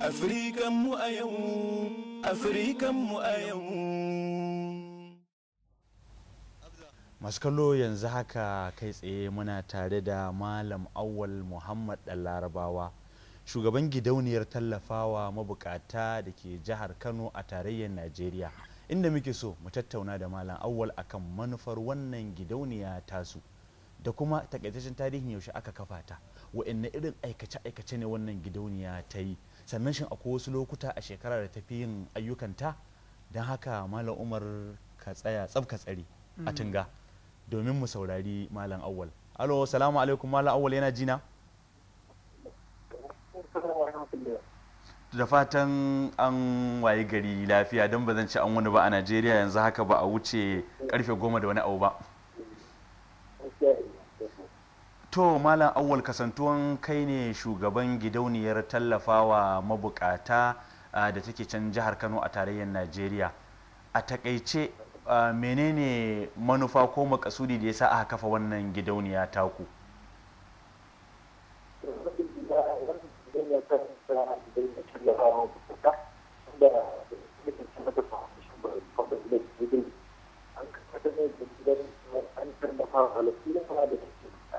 Afirikanmu Masu kallo yanzu haka kai tsaye muna tare da Malam Awal Muhammad ɗan Larabawa, shugaban gidauniyar tallafawa mabukata da ke jihar Kano a tarayyar Najeriya, inda muke so mu tattauna da Malam Awal akan manufar wannan gidauniya tasu. da kuma takaitaccen tarihin yaushe aka kafa ta wa'anne irin aikace-aikace ne wannan gidauniya ta yi sannan shin akwai wasu lokuta a shekara da tafi yin ayyukanta don haka malam umar ka tsaya tsab ka a mm. tunga domin mu saurari malam awwal alo salamu alaikum malam awwal yana jina da fatan an waye gari lafiya don ba zan ci an wani ba a najeriya yanzu haka ba a wuce karfe goma da wani abu ba to malam awwal kasantuwan kai ne shugaban gidauniyar tallafawa mabukata da take can jihar kano a tarayyar najeriya a takaice menene manufa ko makasudi da ya sa aka kafa wannan gidauniya taku da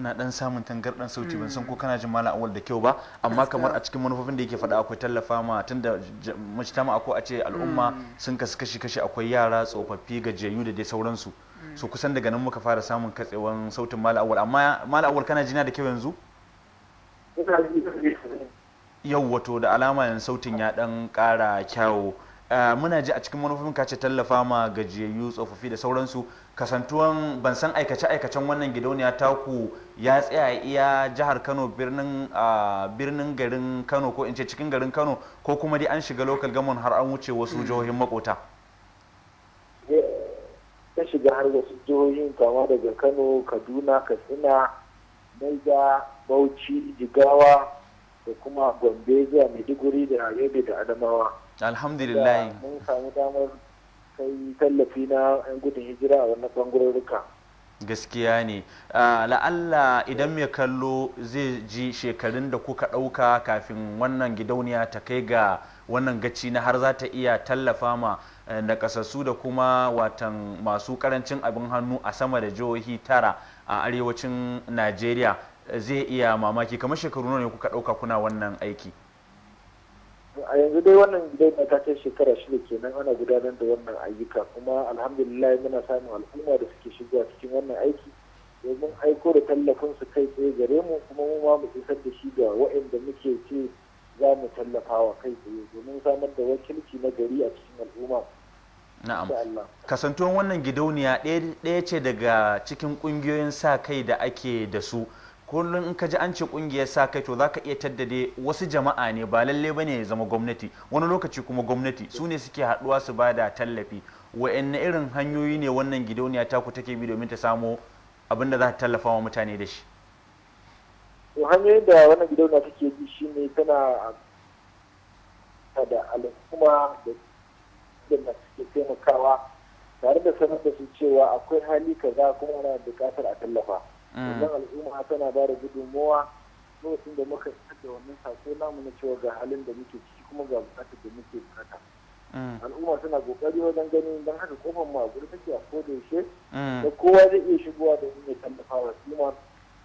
muna dan samun dan sauti ban san ko mm. kana jin malam awal da kyau ba amma kamar a cikin manufofin da yake faɗa akwai tallafa ma tunda mujtama ko a ce al'umma mm. sun kasu kashi kashi akwai yara tsofaffi gajiyayyu da dai sauransu mm. so kusan daga nan muka fara samun katsewan sautin malam awal amma malam awal kana jina da kyau yanzu yau wato da alama yanzu sautin ya dan ƙara kyau. Eh, muna ji a cikin manufofin ka ce tallafa ma gajiyayyu tsofaffi da sauransu kasantuwan ban san aikace aikacen wannan gidauniya taku ya tsaya iya jihar Kano ah, birnin garin Kano ko in ce cikin garin Kano ko kuma dai an shiga local gamon har an wuce wasu jihohin makota eh, ta shiga har wasu jihohin kama daga Kano Kaduna Katsina Naija Bauchi Jigawa da kuma Gombe zuwa Maiduguri da Yobe da Adamawa alhamdulillah mun samu damar kai tallafi na yan gudun hijira a wannan bangarorinka gaskiya ne ah, la'alla idan mai kallo zai ji shekarun da kuka ɗauka kafin wannan gidauniya ta kai ga wannan gaci na har za ta iya tallafa ma eh, nakasassu da kuma watan masu karancin abin hannu a sama da jihohi tara a arewacin najeriya zai iya mamaki kamar shekaru ne kuka ɗauka kuna wannan aiki a yanzu dai wannan gidan ta kai shekara shida kenan ana gudanar da wannan ayyuka kuma alhamdulillah muna samun al'umma da suke shiga cikin wannan aiki domin aiko da tallafin su kai tsaye gare mu kuma mu ma mu isar da shi ga wa'inda muke ce za mu tallafa wa kai tsaye domin samar da wakilci na gari a cikin al'umma Na'am. Kasantuwan wannan gidauniya ɗaya ce daga cikin ƙungiyoyin sa kai da ake da su kullum in ka ji an ce kungiyar sa kai to zaka iya taddade wasu jama'a ne ba lalle bane ya zama gwamnati wani lokaci kuma gwamnati su ne suke haduwa su bada tallafi wa'anne irin hanyoyi ne wannan gidauniya ku take bi domin ta samo abin da za ta tallafa wa mutane da shi to hanyoyin da wannan gidauniya take bi shine tana da al'umma da da suke taimakawa tare da sanar da su cewa akwai hali kaza kuma ana buƙatar a tallafa wannan mm. al'umma tana ba da gudunmowa lokacin da muka isa da wannan sako namu na cewa ga halin da muke ciki kuma ga bukatar da muke bukata mm. al'umma tana kokari wajen ganin don haka kofar mu a take a koda yaushe mm. da kowa zai iya shigowa da ya tallafa wa al'umma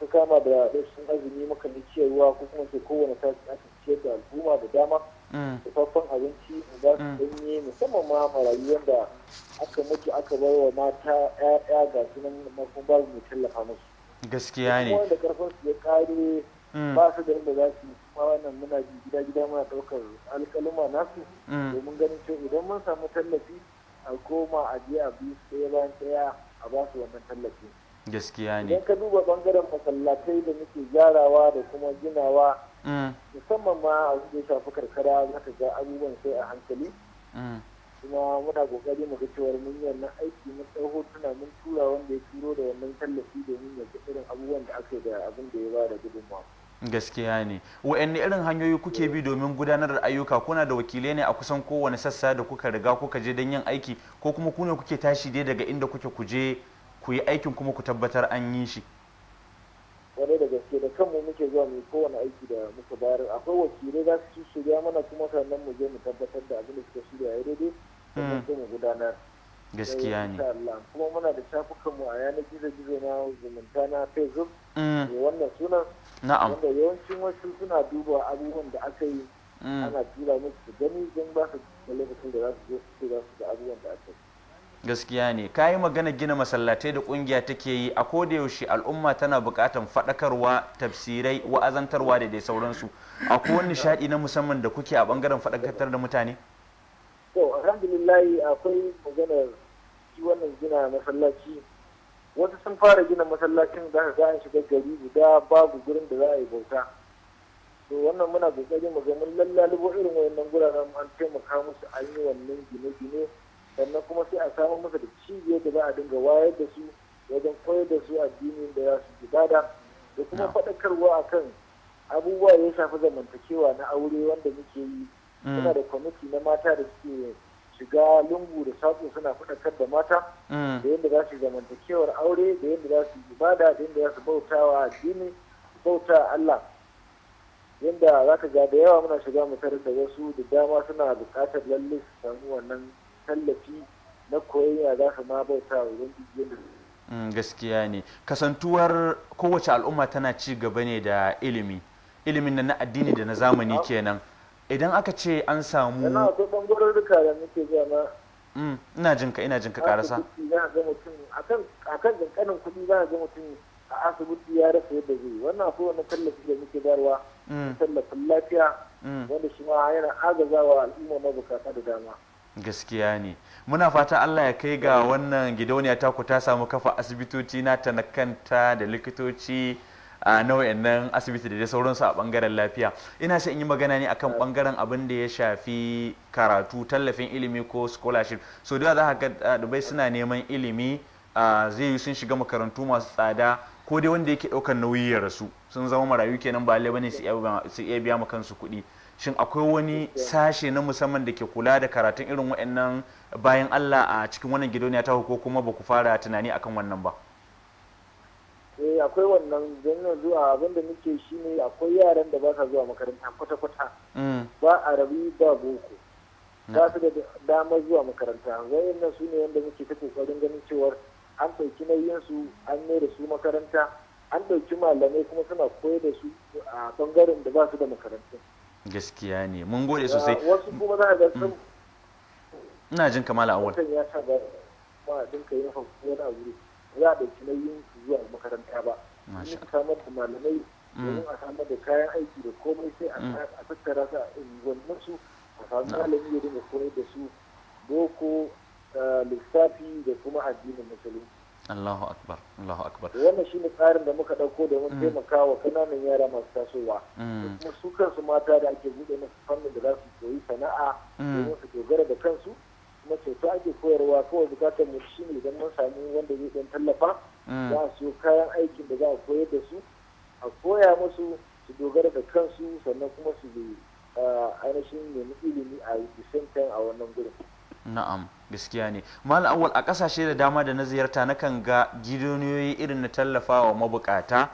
ta kama da rashin azumi muka na ciyarwa ko kuma ce kowane ta aka ciyar da al'umma da dama da tsofaffin abinci da za su danye musamman ma marayu wanda aka mutu aka bar wa mata 'ya'ya ga sunan mafi ba mai tallafa musu gaskiya ne wanda karfin su ya kare mm. ba su da inda za su ma wannan muna ji gida gida muna daukar alkaluma nasu mm. domin ganin cewa idan mun samu tallafi a koma a je a bi sai bayan a ba su wannan tallafi gaskiya ne idan ka duba bangaren masallatai da muke gyarawa da kuma ginawa mm. musamman ma a da ya shafi karkara zaka ga abubuwan sai a hankali kuma muna kokari mu ga cewar mun yi wannan aiki mun ɗau hotuna mun tura wanda ya turo da wannan tallafi domin ya irin abubuwan da aka da abin da ya ba da gudunmawa. gaskiya ne wa'anne irin hanyoyi kuke bi domin gudanar da ayyuka kuna da wakilai ne a kusan kowane sassa da kuka riga kuka je don yin aiki ko kuma kuna kuke tashi dai daga inda kuke ku je ku yi aikin kuma ku tabbatar an yi shi wani da gaske da kanmu muke zuwa mu kowane aiki da muka bayar akwai wakilai za su shirya mana kuma sannan mu je mu tabbatar da abin da suka shirya ya daidai Hmm. gaskiya ne muna da shafukan mu a yanar gizo gizo na zumunta na facebook hmm. na'am wasu suna duba abubuwan da aka yi hmm. ana tura musu su gaskiya ne ka yi magana gina masallatai da kungiya take yi a koda yaushe al'umma tana buƙatar faɗakarwa tafsirai wa'azantarwa da dai sauransu a kowane nishaɗi na musamman da kuke a ɓangaren faɗakar da mutane alhamdulillahi akwai maganar shi wannan gina masallaci wasu sun fara gina masallacin za aka shiga gari guda babu gurin da za a yi bauta to wannan muna kokari mu ga mun lallalibo irin wayannan guraren an taimaka musu an yi wannan gine-gine sannan kuma sai a samu masa da cibiyar da za a dinga wayar da su wajen koyar da su addinin da za su ibada da kuma faɗakarwa a kan abubuwa ya shafi zamantakewa na aure wanda muke yi suna mm. da kwamiti na mata da suke shiga lungu da saƙo suna faɗakar da mata mm. da yadda za su zamantakewar aure da yadda za su ibada da yadda za su bautawa addini bauta Allah yadda za ka ga da yawa muna shiga mu da wasu da dama suna buƙatar lalle su samu wannan tallafi na koyayya za su ma bauta wa ubangiji yadda mm, gaskiya ne kasantuwar kowace al'umma tana ci gaba ne da ilimi ilimin na addini da na zamani kenan idan aka ce an samu yana akwai bangarorin duka da muke zuwa na mm, ina ka ina jin ka karasa akan jinkanin kuɗi za a ga mutum a asibiti ya rasa yadda zai wannan akwai wani tallafi da muke bayarwa mm. tallafin lafiya mm. wanda shi ma yana agazawa al'umma mabukata da dama gaskiya ne muna fata allah ya kai ga wannan gidauniya ta ku ta samu kafa asibitoci na ta na kanta da likitoci a na wayannan asibiti da dai sauransu a bangaren lafiya ina sai in yi magana ne akan bangaren abin da ya shafi karatu tallafin ilimi ko scholarship so da za ka dubai suna neman ilimi zai yi sun shiga makarantu masu tsada ko dai wanda yake ɗaukan nauyi ya rasu sun zama marayu kenan ba lai bane su iya biya ma kansu kuɗi shin akwai wani sashe na musamman da ke kula da karatun irin waannan bayan Allah a cikin wannan gidoniya ta ko kuma ba ku fara tunani akan wannan ba eh akwai wannan jinnan zuwa abin da muke shi ne akwai yaran da ba sa zuwa makaranta kwata-kwata mm. ba a rabi ba boko mm. ba su da damar zuwa makaranta nan su ne wanda muke ta kokarin ganin cewar an ɗauki nauyinsu an mai da su makaranta an ɗauki malamai kuma suna koyar da su a bangaren da ba su da makaranta gaskiya ne mun gode sosai wasu kuma za a ga sun mm. ina jin kamala awal ya sa ba ba dinka yin hankali wani abu za a ɗauki nauyin zuwa makaranta ba mun samar da malamai mm. domin a samar da kayan aiki da komai sai a mm. tattara su a unguwannin su a samu malami ya dinga koyar da su boko eh, lissafi da kuma addinin musulunci Allahu akbar Allahu akbar wannan shine tsarin da muka dauko domin mm. taimakawa kananan yara masu tasowa kuma su kansu mata da ake bude musu fannin da za su koyi sana'a domin su dogara da kansu kuma ceto ake koyarwa kawai bukatar mu shine idan mun sami wanda zai dan tallafa Mm. za su kayan aikin da za a koyar da su a koya musu su dogara da kansu sannan kuma su ainihin nemi ilimi a bisantan a wannan gurin na'am gaskiya ne malam awal a kasashe da dama da na ziyarta na kan ga gidoniyoyi irin na tallafa wa mabukata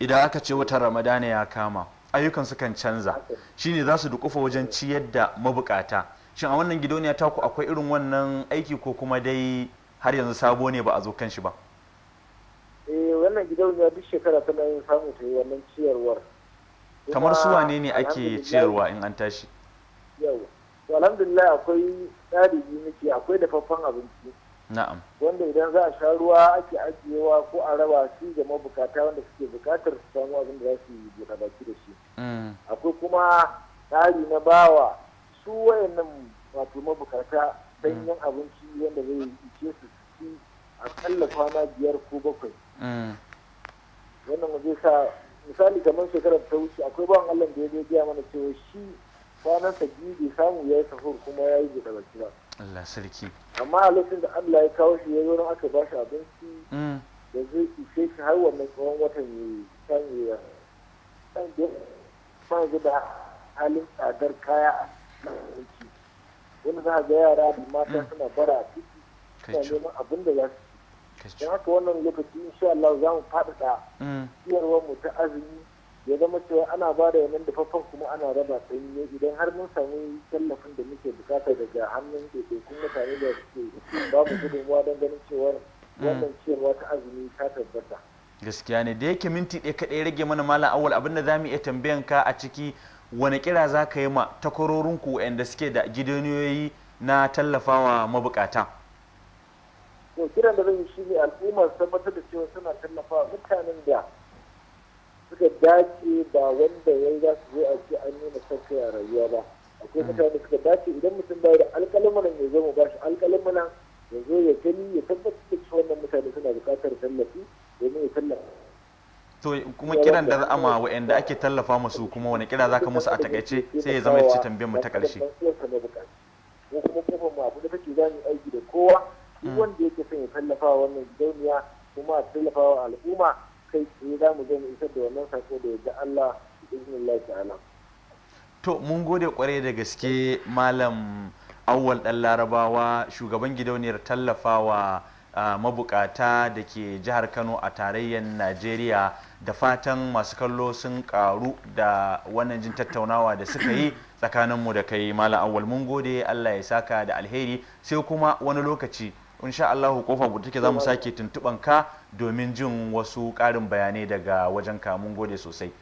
idan aka ce wata ramadana ya kama ayyukan su kan canza shine za su dukufa wajen ciyar da mabukata shin a wannan gidoniya taku akwai irin wannan aiki ko kuma dai har yanzu sabo ne ba a zo kan shi ba wannan gidauniya duk shekara tana yin samu ta yi wannan ciyarwar kamar su wane ne ake ciyarwa in an tashi yau alhamdulillah akwai ɗalibi muke akwai dafaffen abinci na'am wanda idan za a sha ruwa ake ajiyewa ko a raba su ga mabukata wanda suke bukatar su samu abin da za su yi baki da shi mm. akwai kuma tsari na bawa su wayannan wato mabukata mm. danyen abinci wanda zai ice su a kalla kwana biyar ko bakwai wannan mu zai sa misali kamar shekarar ta wuce akwai bawan Allah da ya je gaya mana cewa shi kwanan sa biyu bai samu ya yi sahur kuma ya yi da baki ba Allah sarki amma a lokacin da Allah ya kawo shi ya zo nan aka ba shi abinci mm. da zai ishe shi har wannan tsawon watan ya yi samu ya san da da halin tsadar kaya a wani za ga yara da mata mm. suna bara a ciki suna neman abin da za su don haka wannan lokaci insha Allah za mu faɗaɗa mm. ciyarwar mu ta azumi ya zama cewa ana ba da wannan dafaffen kuma ana raba sanyi idan har mun samu tallafin da muke bukata daga hannun ɗaiɗaikun mutane da suke ba mu gudunmuwa don ganin cewa mm. wannan ciyarwa ta azumi ta tabbata. gaskiya ne da yake minti ɗaya kaɗai rage mana malam awal abinda za mu iya tambayan ka a ciki wani kira za ka yi ma takwarorinku waɗanda suke da gidaniyoyi na tallafawa mabukata. to kiran da zan yi shine al'umma su tabbatar da cewa suna tallafa mutanen da suka dace ba wanda ya za su zo a ce an nuna son a rayuwa ba akwai hmm. mutane suka dace idan mutum ba da alƙalamin ya zo mu ba shi alƙalamin ya zo ya gani ya tabbatar da cewa wannan mutane suna buƙatar tallafi domin ya tallafa to kuma kiran da ma wa'anda ake tallafa musu kuma wani kira za ka musu a takaice sai ya zama ya ci tambayar mu ta ƙarshe. Ko kuma kofar mu abu da take za yi aiki da kowa duk wanda yake son ya tallafa wannan gidauniya kuma a tallafa wa al'umma kai tsaye za mu mu isar da wannan sako da yadda Allah bismillah ala. to mun gode kwarai da gaske malam awwal ɗan larabawa shugaban gidauniyar tallafawa mabukata da ke jihar kano a tarayyar najeriya da fatan masu kallo sun karu da wannan jin tattaunawa da suka yi tsakaninmu da kai malam awwal mun gode allah ya saka da alheri sai kuma wani lokaci insha allahu kofa buɗe take zamu sake tuntuban ka domin jin wasu karin bayanai daga wajen ka mun gode sosai